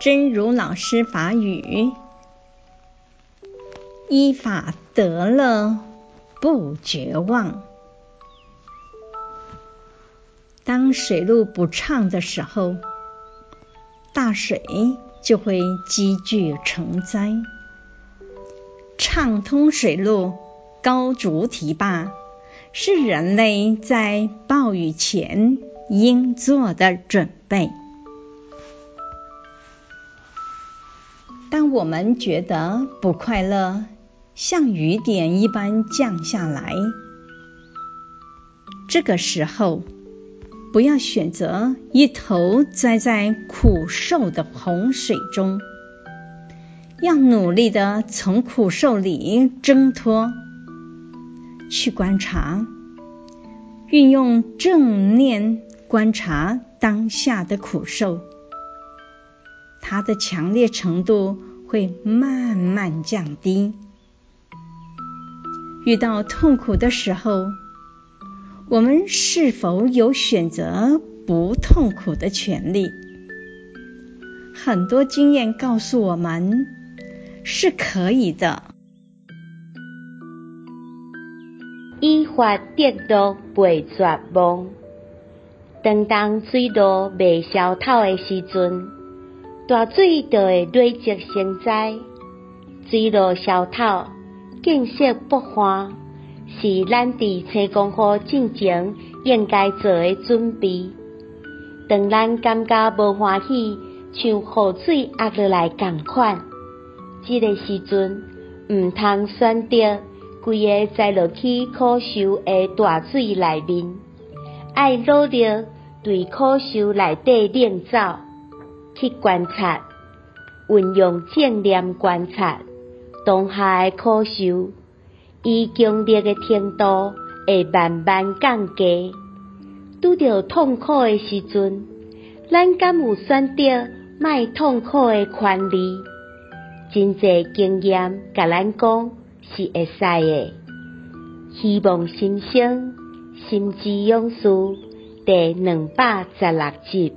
真如老師法語，依法得樂不絕望。當水路不暢的時候，大水就會積聚成災。暢通水路，高築堤壩，是人類在暴雨前應做的準備。當我們覺得不快樂，像雨點一般降下來，這個時候不要選擇一頭栽在苦受的洪水中，要努力地從苦受裡掙脫，去觀察，運用正念觀察當下的苦受，它的強烈程度。會慢慢降低。遇到痛苦的時候，我們是否有選擇不痛苦的權利？很多經驗告訴我們，是可以的。依法得樂不絕望，當當水路未消透的時陣。大水著會累積成災，水路小套建設不花，是咱佇施工後進前應該做誒準備。當咱感覺無歡喜，像雨水壓落來共款，即個時陣毋通選擇規個栽落去苦受誒大水內面，愛努力對苦受內底釀造。去觀察，運用正念觀察當下，誒苦受，以強烈誒程度會慢慢降低。拄着痛苦誒時陣，咱敢有選擇賣痛苦誒權利？真儕經驗甲咱講是會使誒。希望新生心之勇士第兩百十六集。